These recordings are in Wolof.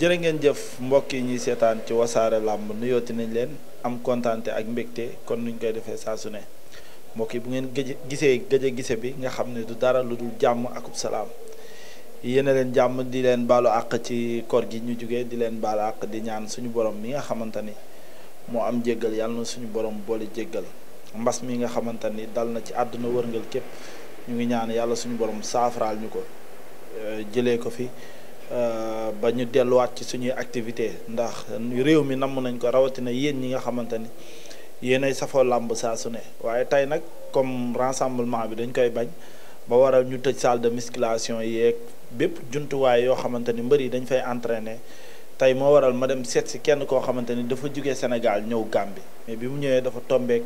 jërë ngeen jëf mbokk yi ñuy seetaan ci wasaare làmb nuyooti nañ leen am kontaante ak mbégte kon nuñ koy defee saa su ne mbokk yi bu ngeen gëj gisee gëj gise bi nga xam ne du dara lu dul jàmm akub salaam yéene leen jàmm di leen baalu àq ci koor gi ñu jóge di leen baalu àq di ñaan suñu borom mi nga xamante ni moo am jéggal yàlla na suñu borom boole jéggal mbas mi nga xamante ni dal na ci àdduna wërngal képp ñu ngi ñaan yàlla suñu borom saafaraal ñu ko eh, jëlee ko fi. Euh, ba ñu delluwaat ci suñuy activité ndax réew mi namm nañ ko rawatina yéen ñi nga xamante ni yéenay safoo làmb saa su ne waaye tey nag comme rassemblement bi dañ koy bañ ba waral ñu tëj salle de musculation yeeg bépp jumtuwaay yoo xamante ni mbër yi dañ fay entrene tey moo waral ma dem seet si kenn koo xamante ni dafa jóge Sénégal ñëw Gambie mais bi mu ñëwee dafa tombeek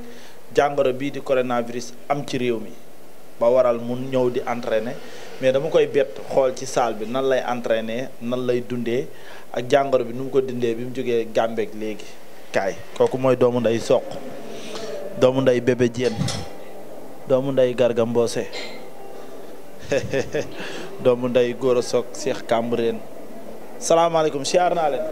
jàngoro bii di coronavirus am ci réew mi ba waral mu ñëw di entraîner mais dama koy bett xool ci salle bi nan lay entraîner nan lay dundee ak jàngoro bi nu mu ko dindee bi mu jógee Gàmbeeg léegi kaay kooku mooy doomu nday soq doomu nday bébé doomu nday Garga Mbossé doomu nday Gora Sock Cheikh Cambérène salaamaaleykum siyaar naa leen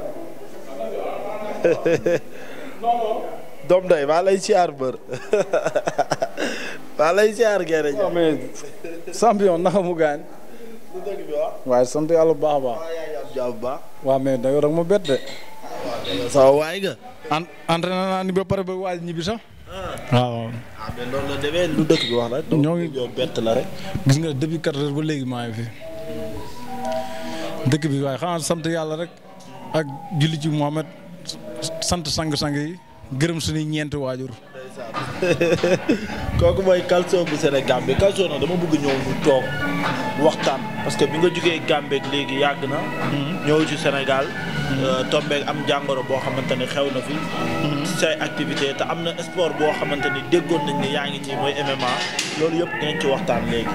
doom nday maa lay siyaar bër waa lay ziar gerte gi. mais champion naka mu gaañ. waaye sant yàlla bu baax a baax. waaw mais da nga ma bett de. sa waay nga. en naa ni ba pare ba waaj ñibbi sax. Ah. waaw. Ah, bi wax rek. ñoo ngi bett la rek. gis nga depuis quatre ba léegi maa ngi fi. dëkk bi waaye xanaa sant yàlla rek. ak julli ci Mohamed sant sang-sang yi gërëm suñuy ñeenti waajur. kooku mooy Calcio bu Sénégal bi Calcio nag dama bëgg ñëw ñu toog waxtaan parce que bi nga jógee Gambie léegi yàgg na. Mhm. ñëw ci Sénégal. Mhm. Euh, tombeeg am jàngoro boo xamante ne xew na fi. Mhm. say activité te am na sport boo xamante ni déggoon nañ ne yaa ngi ci mooy MMA loolu yëpp dinañ ci waxtaan léegi.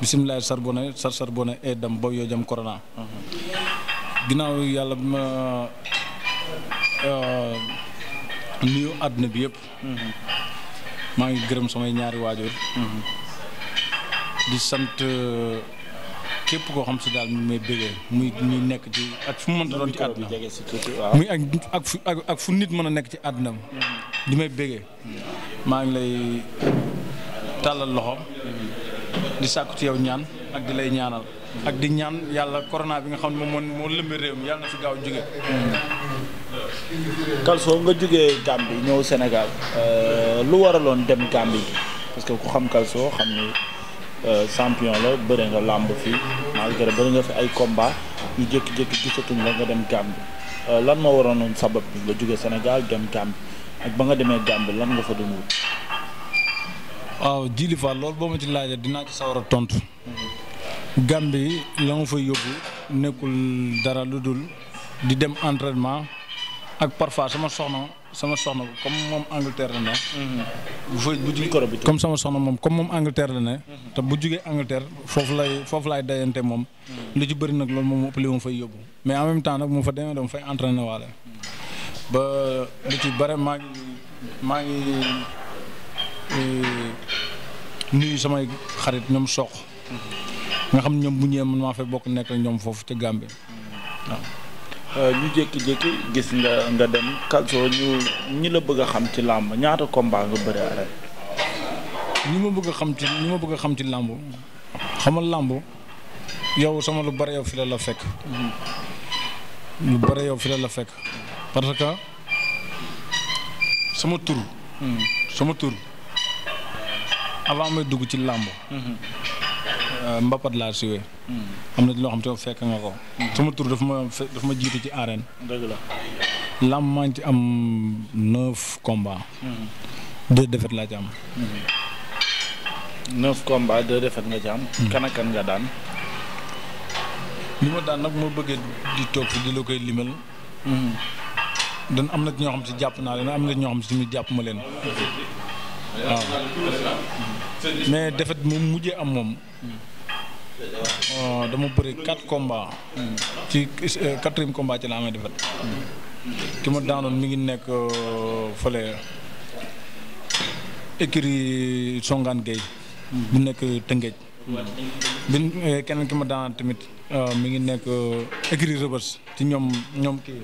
bisimilah sarbone sar sarbone e dam baw yoo jam corona ginnaaw yàlla bi ma euh, nuyu àdduna bi yëpp maa ngi gërëm samay ñaari waajur di sant euh, képp koo xam si daal mi may bégee muy nekk ci ak fu mu mënta ci àdduna muy ak ak nit mën a nekk ci àdduna di may bégee maa ngi lay tàllal loxo di sàkku ci yow ñaan ak di lay ñaanal. ak di ñaan yàlla corona bi nga xam ne moom moo lëmbee réew mi yàlla na fi gaaw jóge Kalso nga jógee Gambie ñëw Sénégal euh, lu waraloon dem Gambie parce que ku xam Kalso xam ni euh, champion la bëri nga làmb fi malgré bëri nga fi ay combat ñu jékki-jékki gisatuñ la nga dem Gambie euh, lan moo waraloon sabab bi nga jógee Sénégal dem Gambie ak ba nga demee Gambie lan nga fa doon waaw Djily Fall loolu boo ma ci laajee dinaa ci sawar a tontu. Gambie la ma fa yóbbu nekkul dara lu dul di dem entraînement ak parfois sama soxna sama soxna comme moom Angleterre la ne. Mm-hmm. bu fa bi comme sama soxna moom comme moom Angleterre la ne. te bu jugee Angleterre foofu lay foofu laay dayante moom. Mm-hmm. lu ci bëri nag loolu moom ëpp li ma fay yóbbu mais en même temps nag mu fa demee dama fay entraîné waale. Mm-hmm. ba lu ci bëri maa ngi maa ngi. nuyu samay xarit ñoom soq nga xam ñoom bu ñëwee man maa fay bokk nekk ñoom foofu ca Gambie euh, ñu jékki-jékki gis nga nga dem Kalso ñu ñi la bëgg a xam ci làmb ñaata combat nga ma bëgg xam ci bëgg xam ci làmb xamal làmb yow sama lu bare yow fi la la fekk. Mm-hmm. lu bare yow fi la fekk parce que sama tur. Mm-hmm. sama tur. avant may dugg ci làmb euh, mbapat laa suwee hmm. am na loo xam te fekk nga ko hmm. sama tur dafa ma dafa ci arène dëgg la làmb maa ngi ci am neuf combat hmm. deux défaites laa ci nga ci am kan ak daan nag moo bëggee di am na ñoo xam si jàpp naa leen am na ñoo xam si tamit jàpp ma leen waaw mais defet mu mujjee am moom oh, dama bëri quatre combats. ci euh, quatrième combat ci la amee defet ki ma daanoon mi ngi nekk euh, fële écurie Songane Gueye bu nekk Tëngéej bi euh, keneen ki ma daanoon tamit mi ngi nekk écurie Rebeuss ci ñoom ñoom kii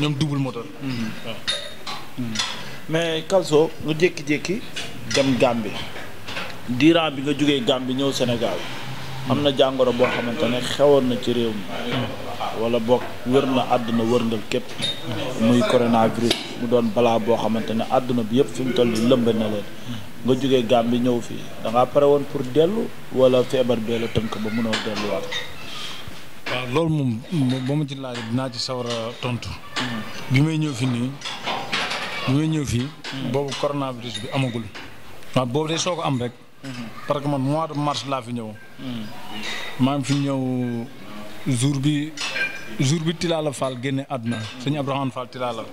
ñoom double moteur mais Kalso nga jékki-jékki dem Gambie diiran bi nga jógee Gambie ñëw Sénégal am na jàngoro boo xamante ne xewoon na ci réew mi wala boog wër na àdduna wërngal képp muy coronavirus mu doon balaa boo xamante ne àdduna bi yëpp fi mu toll nii lëmb na leen nga jógee Gambie ñëw fii da pare woon pour dellu wala feebar bee la tënk ba mënoo delluwaat. waaw loolu moom ba ma ci laaj dinaa ci sawar tontu. Hmm. ñëw fi nii bi may ñëw fii. Hmm. boobu coronavirus bi amagul. waa boobu de soo ko am rek. parce que man mois de mars laa fi ñëw. maa ngi fi ñëw jour bi jour bi Tilala Fall génne àdduna sëñ Abdourahmane Fall Tilala.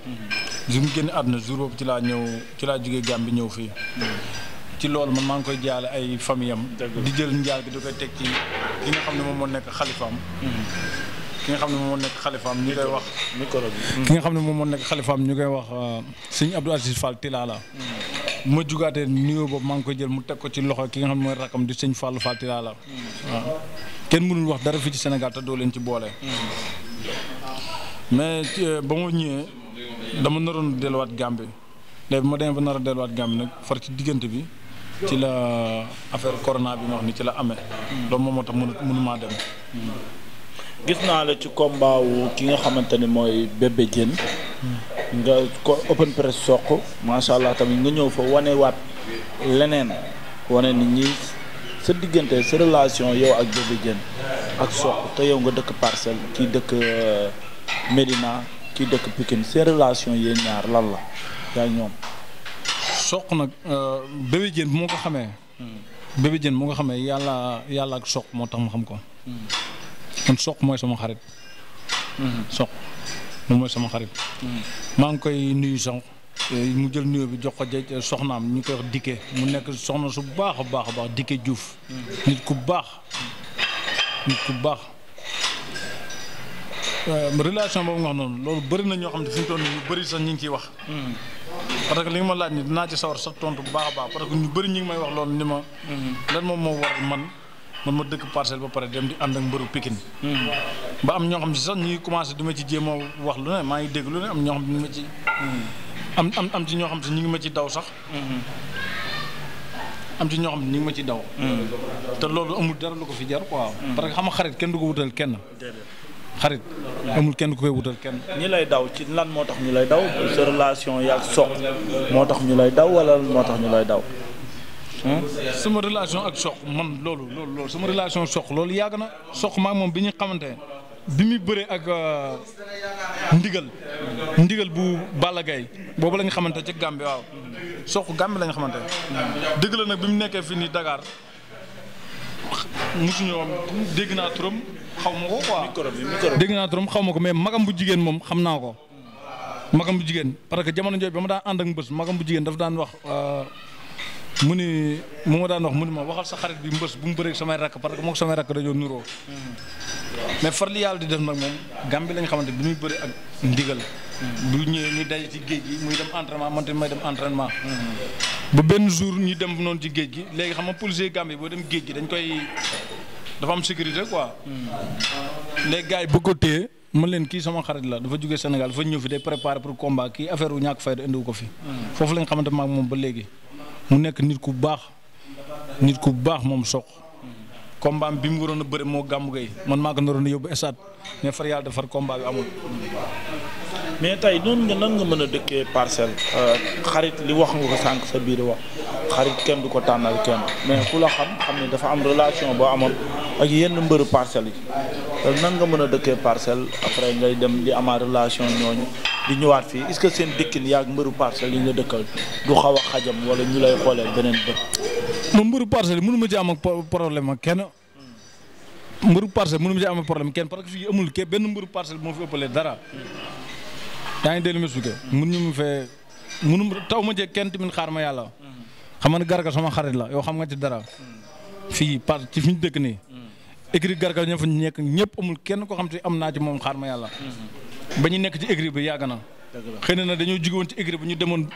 jour bi génne àdduna jour boobu ci laa ñëw ci laa jógee Gambie ñëw fii. ci loolu man maa ngi koy jaale ay famille am. di jël njaal gi di koy teg ci ki nga xam ne moom moo nekk xalifaam. xam ne moo nekk xalifaam ñu koy wax. micro bi ki nga xam ne moom moo nekk xalifaam ñu koy wax euh, sëñ Abdou Aziz Tilala. bu ma jugaatee nuyoo boobu maa ngi koy jël mu teg ko ci loxo ki nga xam ne mooy rakam di sëñ Fallou Fall Tilala la kenn mënul wax dara fii ci Sénégal te doo leen ci boole. mais euh, ba ma ñëwee dama naroon delluwaat Gambie léegi ma demee ba nar delluwaat Gambie nag far ci diggante bi ci la affaire corona bi nga wax ni ci la amee. loolu moom mënu mënumaa dem. naa la ci combat ki nga xamante ne mooy Bébé Diène. nga ko open press soq macha allah tamit nga ñëw fa wane waat leneen wane nit ñi sa diggante sa relation yow ak Bébé ak soq te yow nga dëkk parcelle ci dëkk euh, Médina ci dëkk Pikine seen relation yéen ñaar lal la yaa ñoom. soq nag euh, Bébé Diène bu moo ko xamee. Bébé Diène bu ma ko xamee yàlla yàlla ak soq moo tax ma xam ko. kon hmm. soq mooy sama xarit. Hmm. soq. moom mooy sama xarit. maa ngi koy nuyu sànq eh, mu jël nuyoo bi jox ko soxnaam ñu koy dikkee mu nekk soxna su baax a baax a baax dikke Diouf. nit ku baax. nit ku baax. Euh, relation boobu nga xam noonu loolu bëri ñoo xam ne fi mu toll nii ñu bëri sax ñu ngi ciy wax. parce que li nga ma laaj ni dinaa ci sawar sax tontu bu baax baax parce que ñu bëri ñu ngi may wax loolu ni ma. Mhm. lan moom moo war man man ma dëkk parcelle ba pare dem di ànd ak mbëru Pikine. Mhm. ba am ñoo xam si sax ñuy commencé du ma ci jéem wax lu ne maa ngi dégg lu ne am ñoo xam ne ñu am am am ñoo xam si ñu ngi ma ci daw sax. am ci ñoo xam ne ñu ngi ma ci daw. te loolu amul dara lu ko fi jar waaw parce que xam nga xarit kenn du ko wutal kenn. xarit amul kenn ku koy wutal kenn. ñi lay daw ci lan moo tax ñu lay daw sa relation soq moo tax ñu lay daw wala moo tax ñu lay daw. sama relation ak soq man loolu loolu loolu sama relation soq loolu yàgg na soq maa moom bi ñu xamante bi muy bëree ak euh, ndigal ndigal bu Balla boobu la xamante ci Gambie waaw soq Gambie la xamante dëgg la nag bi mu nekkee fii nii Dakar mosuñu woon dégg naa turam xaw ma ko dégg naa turam xaw ma ko mais magam bu jigéen moom xam naa ko magam bu jigéen parce que jamono jooju ba ma daan ànd ak mbës magam bu jigéen dafa daan wax euh, mu ni mu ma daan wax mu ni ma waxal sa xarit bi mbës bu mu bëreeg samay rakk parce que moo samay rakk dañoo nuroo mais far li yàlla di def nag moom Gambie lañ xamante bi muy bëri ak ndigal bu ñëwee ñu daje gi muy dem entraînement man tamit may dem entraînement mm-hmm. ba benn jour ñu dem noonu ci géej gi léegi xam nga policier Gambie boo dem géej gi dañ koy dafa am sécurité quoi mm-hmm. léegi gars yi bëgg ko téye mën leen kii sama xarit la dafa jógee Sénégal dafa ñëw fi day préparé pour combat kii affaire wu ñàkk fayda indiwu ko fi mm-hmm. foofu lañ xamante moom ba léegi mu nekk nit ku baax nit ku baax moom soq. combat bi mu waroon a bëri moo gàmmu gay man maa ko naroon a yóbbu esaat mais far yàlla defar combat bi amul. mais tey noonu nga nan mën a dëkkee parcelle. Euh, xarit li wax nga ko sànq sa biir wax xarit kenn du ko tànnal kenn mais ku la xam xam ne dafa am relation boo amoon ak yenn mbëru parcelles yi euh, nan nga mën a dëkkee parcelle après ngay dem li amaa relation ñooñu. di ñëwaat fii est-ce que seen dëkkin yaa mbëru parcelles yi nga dëkkal du xaw a xajam wala ñu lay xoolee beneen bët. moom mbëru parcelles yi mënu ma ci am ak problème ak kenn mbëru parcelle mënu ma ci am ak problème kenn parce que fii amul kenn benn mbëru parcelle moo fi ëppalee dara. yaa ngi déglu ma suke mun ñu mu fee munu taw ma ci kenn tamit xaar ma yàlla. xam nga garga sama xarit la yow xam nga ci dara. fii par ci fi ñu dëkk nii. Mm. écrit garga ña nekk ñëpp amul kenn ko xam te am naa ci moom xaar ma yàlla. ba ñu nekk ci écurie bi yàgg na. xëy na dañoo jóge ci écurie bi ñu demoon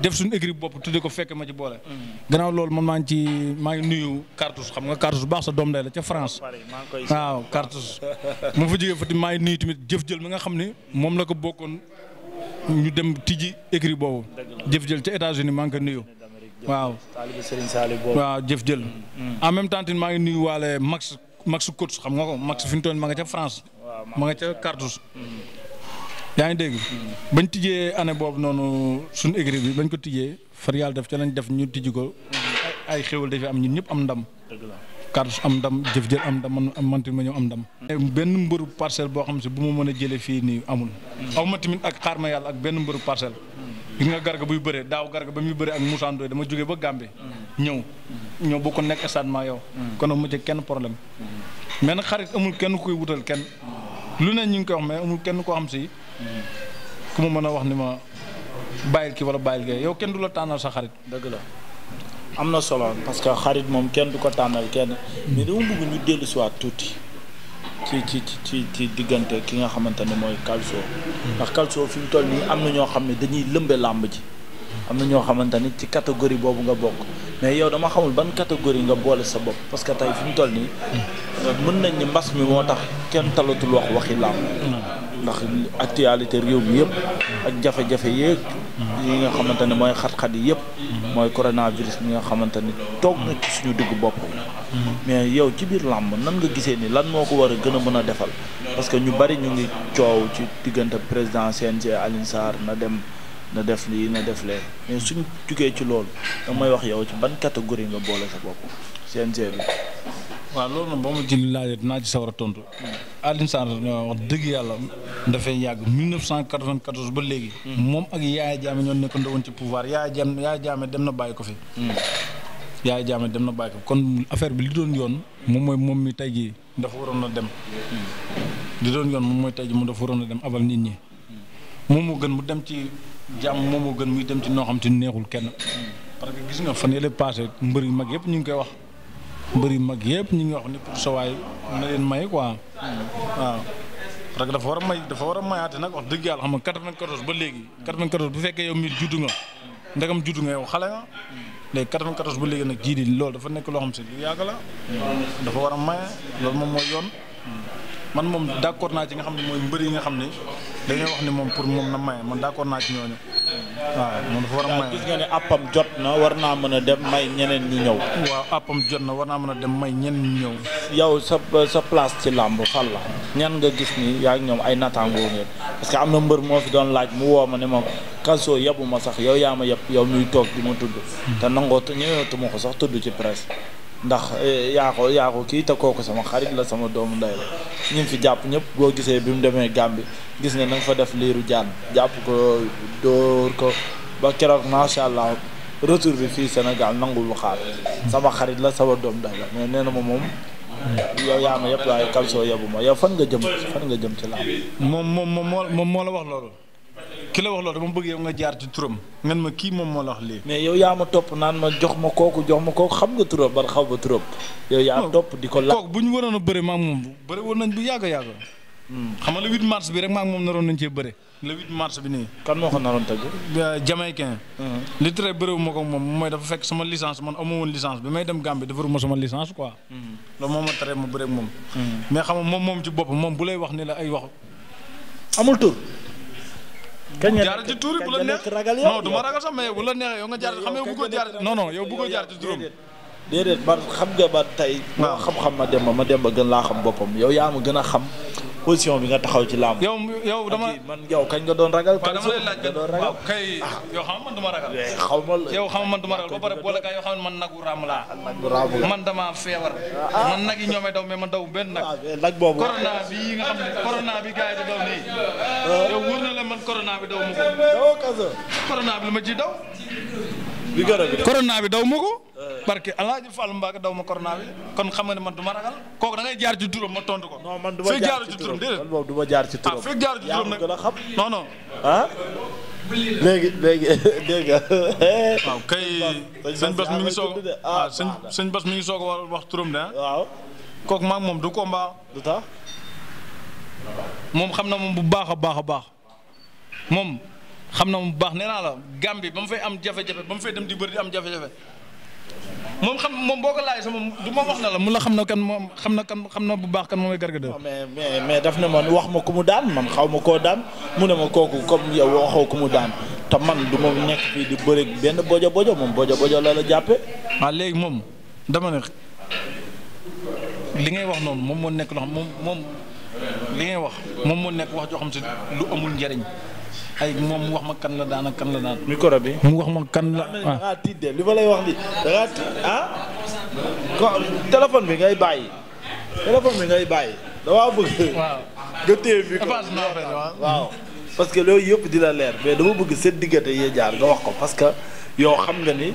def suñ écurie bopp tuddee ko fekk ma ci boole. Mm. gannaaw loolu man maa ngi ci maa ngi nuyu Cartouche xam nga Cartouche bu baax sa doom day la ca France. waaw Cartouche. ma fa jógee Fatick maa ngi nuyu tamit jëf jël mi nga xam ne moom la ko bokkoon ñu dem tijji écurie boobu. jëf jël ca États-Unis ngi ko nuyu. waaw waaw jëf jël. Mm, mm. en même temps maa ngi nuyu waale Max Max Coach xam nga ko Max fi mu toll ma nga ca France. ma nga ca Cartouche. yaa ngi dégg bañ tijjee année boobu noonu suñu écurie bi bañ ko tijjee farial yàlla def ca lañ def ñu tijji ko ay xéwal dafay am ñun ñëpp am ndam Cartouche am ndam jëf jël am ndam man manti ma ñëw am ndam benn mbëru parcelle boo xam si bu ma mën a jëlee fii nii amul aw ma ak xaar yàlla ak benn mbëru parcelle gis nga garga buy bëree daaw garga ba muy bëree ak Moussa dama jógee ba Gambie ñëw ñëw boo ko nekk stade yow kon amu kenn problème mais nag amul kenn koy wutal kenn lu ne ñu ngi koy wax mais amul kenn koo xam si ku ma mën a wax ni ma bàyyil ki wala bàyyil kii yow kenn du la tànnal sa xarit. dëgg la am na solo parce que xarit moom kenn du ko tànnal kenn. mais dama bëgg ñu dellu si waat tuuti ci ci ci ci diggante ki nga xamante ne mooy Calcio. ndax Calcio fi mu toll nii am na ñoo xam ne dañuy lëmbe làmb ji. am na ñoo xamante ni ci categori boobu nga bokk mais yow dama xamul ban catégorie nga boole sa bopp parce que tey fi mu toll nii. mën nañ ni mbas mi moo tax kenn talatul wax waxi làmb. ndax actualité réew mi yëpp ak jafe-jafe yéeg yi nga xamante ne mooy xat-xat yi yëpp mooy coronavirus bi nga xamante ni toog na suñu diggu bopp mais yow ci biir làmb nan nga gisee ni lan moo ko war a gën a mën a defal parce que ñu bari ñu ngi coow ci diggante président CNG Alioune na dem na def lii na def lee mais suñu jugee ci loolu da wax yow ci ban catégorie nga boole sa bopp CNG bi waaw loolu nag boo ma ci laajee dinaa ci sawar a tontu Alioune Sarr wax dëgg yàlla dafay yàgg 1994 ba léegi. moom ak Yaya Jammeh ñoo nekkandoo woon ci pouvoir Yaya Jammeh Yaya Jammeh dem na bàyyi ko fi. Yaya Jammeh dem na bàyyi ko kon affaire bi li doon yoon moom mooy moom mi tey jii dafa waroon a dem. li doon yoon mooy tey jii mu dafa waroon a dem abal nit ñi. moom moo gën mu dem ci jàmm moom moo gën muy dem ci noo xam te neexul kenn. parce que gis nga fan yële paase mbër yu mag yëpp ñu ngi koy wax. mbëri mag yëpp ñu ngi wax ni pour sa waay na leen may quoi waaw. parce dafa war a may dafa war a mayaate nag wax dëgg yàlla xam nga 94 ba léegi 94 bu fekkee yow mii juddu nga ndegam juddu nga yow xale nga léegi 94 ba léegi nag jii loolu dafa nekk loo xam si lu yàgg la dafa war a maye loolu moom mooy yoon man moom d'accord naa ci nga xam ne mooy mbër yi nga xam ne dañoo wax ni moom pour moom na maye man d'accord naa ci ñooñu. waaw moom dafa war a may nga ne appam jot na war naa mën a dem may ñeneen ñu ñëw. waaw appam jot na war naa mën a dem may ñeneen ñu ñëw. yow sa sa place ci làmb fan la ñan nga gis ni yaa ngi ñoom ay nattaangoo ngeen parce que am na mbër moo fi doon laaj mu woo ma ne ma Kalso yebu sax yow yaa ma yeb yow muy toog di ma tudd. Hmm. te nangoo ñëwatuma ko sax tudd ci presse. ndax eh, yaa ko kii te kooku sama xarit la sama doom ndey la ñu fi jàpp ñëpp boo gisee bi mu demee Gàmbi gis ne na nga fa def liiru jaan jàpp ko dóor ko ba keroog macha allah retour bi fii Sénégal nangul xaar sama xarit la sama doomu ndey la mais nee na ma moom. yow yaa ma yëpp waaye Calcio yebu ma yow fan nga jëm fan nga jëm ci laa. moom moom moom moo la wax loolu. ki la wax loolu dama bëgg yow nga jaar ci turam ngan ma kii moom moo la wax lii. mais yow yaa ma topp naan ma jox ma kooku jox ma kooku xam nga turam ban xaw ma turam. yow yaa topp di ko la bu ñu waroon a bëri maa moom bëri woon nañ bu yàgg a yàgg. Hmm. xam nga le 8 mars bi rek maa moom naroon nañ cee bëri. bi nii. kan moo ko naroon tëgg. Euh, jamaïcain. Hmm. ma ko moom mooy dafa fekk sama licence man amu woon licence bi may dem Gambie defaruma sama licence quoi. Hmm. loolu moom ma tere ma bëri moom. mais xam bu lay wax ni la ay wax amul tur kañ nga jaarati tuuri bu la neex ragal yow non du ma ragal sax mais bu la neexee yow nga jaar xam yow bu ko jaar non non yow bu ko jaar ci turam déedéet ba xam nga ba tey. waaw xam-xam ma dem ba ma dem ba gën laa xam boppam yow yaa ma gën a xam position bi nga taxaw ci làmb. yow yow dama man yow kañ nga doon ragal. waaw dama lay laaj nga doon ragal kay yow xam man duma ragal. Eh, xaw ma yow xam man duma ragal ba pare boole kaay yoo xam man nagu raam laa. Ah, nagu raam laa man dama feebar. Ah, ah. man nag yi ñoomee daw mais man daw bi nga xam ne corona bi gars daw nii. yow wóor na la man corona bi daw ma ko. corona bi daw. bi parce barke Alaaji Fall Mbacké daw ma corona bi kon xam nga ne man du ma ragal kooku da jaar ci turam ma tontu ko. non man du ma jaar ci turam déedéet man boobu du ma jaar ci turam. ah fekk jaar ci turam nag non non. Ah? kay sëñ Bas mi ngi soog ah war wax turam de ah. waaw kooku moom du combat. du moom xam na moom bu baax a baax a baax moom xam na moom bu baax nee naa la Gambie ba mu fay am jafe-jafe ba mu fay dem di bëri di am jafe-jafe. moom xam moom boo ko laajee sama du ma wax na la mu la xam na kan moom xam na kan xam na bu baax kan moom mooy Garga 2. mais mais mais daf ne man ma ku mu daan man xaw ma koo mu ne ma kooku comme yow waxoo ku mu daan te man du ma nekk fii di bëri benn bojo bojo moom bojo bojo la la jàppe waaw ah, léegi moom dama ne li ngay wax noonu moom moo nekk loo xam moom moom li ngay wax moom moo nekk wax joo xam si lu amul njëriñ. ay moom mu wax ma kan la daan ak kan la daan. micro bi mu wax ma kan la. ah tiit de li ma lay wax nii da tiit ah. téléphone bi ngay bàyyi. téléphone bi ngay bàyyi. damaa bëgg. waaw que loolu yëpp di la leer mais dama bëgg seen diggante yee jaar nga wax ko parce que yow xam nga ni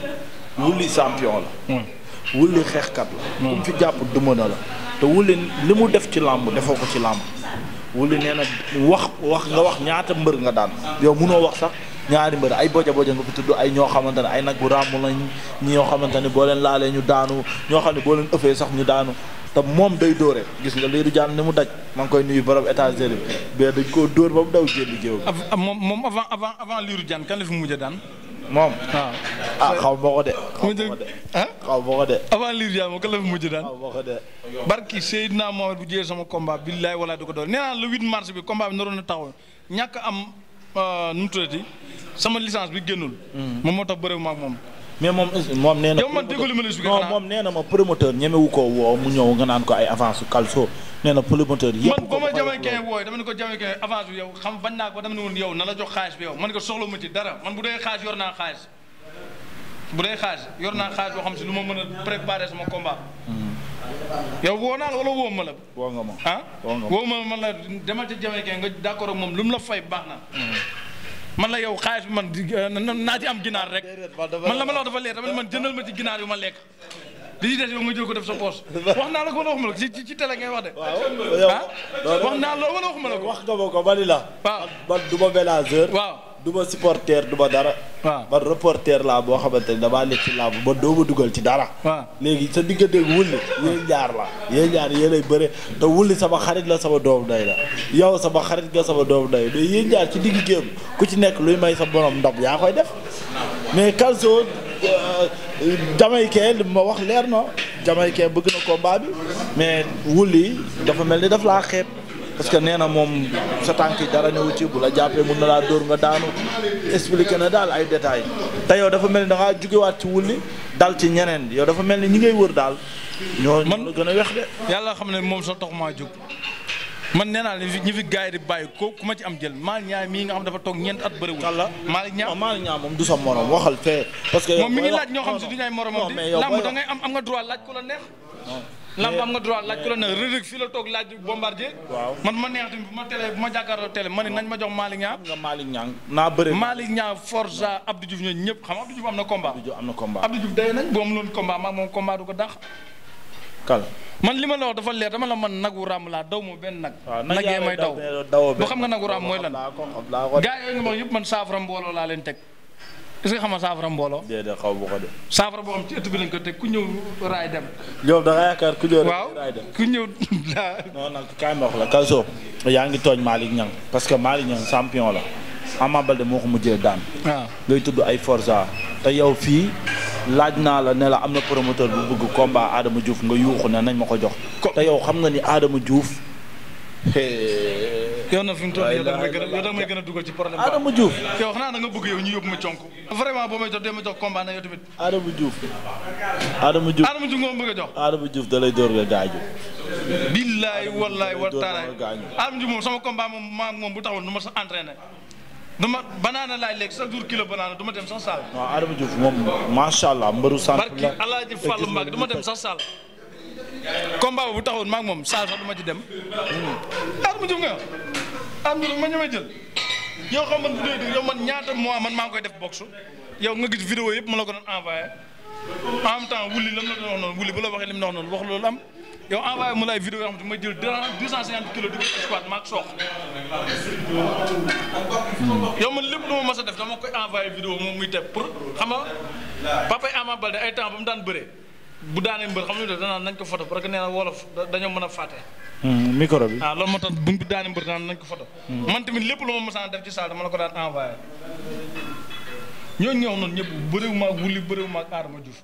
wulli champion la. Hmm. wulli xeexkat la. Hmm. ku fi jàpp duma na la. te wulli li mu def ci làmb defoo ko ci làmb. wuli nee na wax wax nga wax ñaata mbër nga daan yow munoo wax sax ñaari mbër ay boja boja nga fi tudd ay ñoo xamante ne ay nag bu ràmm lañ ñi ñoo xamante ne boo leen laalee ñu daanu ñoo xam ne boo leen ëffee sax ñu daanu te moom day dóore gis nga liiru jaan ni mu daj maa ngi koy nuyu borom états-unis bi dañ koo dóor ba mu daw jënd géew moom moom avant avant avant liiru jaan kan la mu mujj daan moom. waaw ah. ah xaw ma ko de. avant liir yaa ma ko la mujj daan. xaw ma ko de. barki bu jëlee sama combat billaay walaay du ko doon nee naa le mars bi combat bi naroon na taxaw ñàkk am euh, nu sama licence bi génnul. Hmm. moom moo tax bëreewu ma moom. mais moom moom nee na. yow man déglu ma non moom nee na ma promoteur ñemewu ko woo mu ñëw nga naan ko ay avance calcio nee na promoteur yëpp. ko man ba ma jamankee ko jamankee avance yow xam bañ naa ko bi yow man ko soxla ma ci dara man bu dee xaalis yor naa xaalis bu dee xaalis yor naa xaalis boo xam si lu ma mën a préparer sama combat. Hmm. yow woo naa la wala woo ma la. woo nga ma ah woo ma man la demal ca jamankee nga d'accord moom lu mu la fay baax na. Hmm. man la yow xaalis bi man euh, naa ci am ginaar rek man la ma la wax dafa leer dama man jëndal ma ci ginaar yu ma lekk li ci des yow nga jël ko def sa poche wax naa la ko wala waxuma la ko ci ci télé ngay wax de. waaw wax naa la wala waxuma la ko. wax nga ma ko bali la. waaw man du ma mélangeur. waaw. du ma supporter du ma dara. waaw man reporter laa boo xamante ne damaa nekk ci làmb man doo ma dugal ci dara. waaw léegi sa digganteeg wulli yéen ñaar la yéen ñaar yéen ay bëre te wulli sama xarit la sama doom day la yow sama xarit nga sama doom day mais yéen ci digg géem ku ci nekk luy may sa borom ndam yaa koy def mais Calcio euh, Jamaïcain li ma wax leer na Jamaïcain bëgg na combat bi mais wulli dafa mel ni daf laa xeeb. parce que nee na moom sa tànk yi dara newu ci bu la jàppee mun na laa dóor nga daanu expliqué na daal ay détails te yow dafa mel ni da ngaa jugewaat ci wulli dal ci ñeneen yow dafa mel ni ñi ngay wër daal. ñoo man gën a wex de. yàlla xam ne moom sa tax maa jóg man nee naa leen ñi fi gars yi di bàyyi ko ku ci am jël Malick Niang mii nga xam dafa toog ñeent at bëriwul. kàlla Malick Niang Malick Niang moom du sa morom waxal fee. que moom mi ngi laaj ñoo xam si du ñu mor moromam di lamb da ngay am am nga droit laaj ku la neex lamb am nga droit laaj la neex Reug Reug la toog laaj bombardier waaw man ma neex tamit bu ma télé bu ma jàkkaarloo télé ma ne nañ ma jox Malick Niang nga Malick Niang naa bëri Malick Niang Forza Abdou ñooñu ñëpp xam Abdou Diouf na combat am na combat Abdou Diouf day nañ boo am loon combat maa moom combat du ko dàq man li ma la wax dafa leer dama la man nag nagu raam laa daw ma benn nag nag yee may daw ba xam nga nagu raam mooy lan gaa yooyu nga ma yëpp man saafara mbooloo laa leen teg est-ce que xam saafara mbooloo. déedéet xaw saafara boo xam ci ëtt bi lañ ko teg ku ñëw raay dem. yow da yaakaar ku ñëw raay dem nag kaay ma wax yaa ngi tooñ Malick Niang parce que Malick Niang champion la. Ama Baldé moo ko mujjee daan. Ah. ngay tudd ay Forza. te yow fii laaj naa la ne la am na promoteur bu bëgg combat Adama Diouf nga yuuxu ne nañ ma ko jox. te yow xam nga ni Adama Diouf. yow na fi mu toll yow da a yow da may gën a dugal ci problème Adama Diouf yow xanaa da nga bëgg yow ñu yóbbu ma conk vraiment boo may jox dee ma jox combat na yow tamit Adama Diouf Adama Diouf Adama Diouf nga a jox Adama Diouf da door nga gaañu billaay wallaay Adama Diouf moom sama combat moom maa moom bu taxul nu ma sa entraîné duma banaana laay léegi chaque jour kilo banaana du ma dem sax saal waaw Adama juuf moom macha allah mbëru sant la barki Alaaji Fall Mbacke du ma dem sax saal combat bu taxawoon maak moom saa sax du ma ci dem. as mu jëm nga ma ñëwee jël yow xam man bu dee dëgg yow man ñaata mois man maa ngi koy def boxe yow nga gis vidéo yëpp ma la ko doon envoyé en même la doon wax noonu la waxee lim la wax noonu wax loolu am. yow envoyé mu lay vidéo yoo xam ne ma jël deux cent cinquante kilos soox yow man lépp lu ma mës a def dama koy envoyé vidéo moom muy teg pour xam nga Papa Ama Baldé ay temps ba mu daan bëree. bu daanee mbër xam nga danaan nañ ko foto parce que nee na wolof dañoo mën a fàtte. Hmm, micro bi. waaw ah, loolu moo tax bu daanee mbër danaan nañ ko foto. Hmm. man tamit lépp lu ma mosaan def ci salle dama la ko daan envoyé. ñooñu ñoo xam noonu ñëpp bëriwuma ak wuli bëriwuma ak aadama Diouf.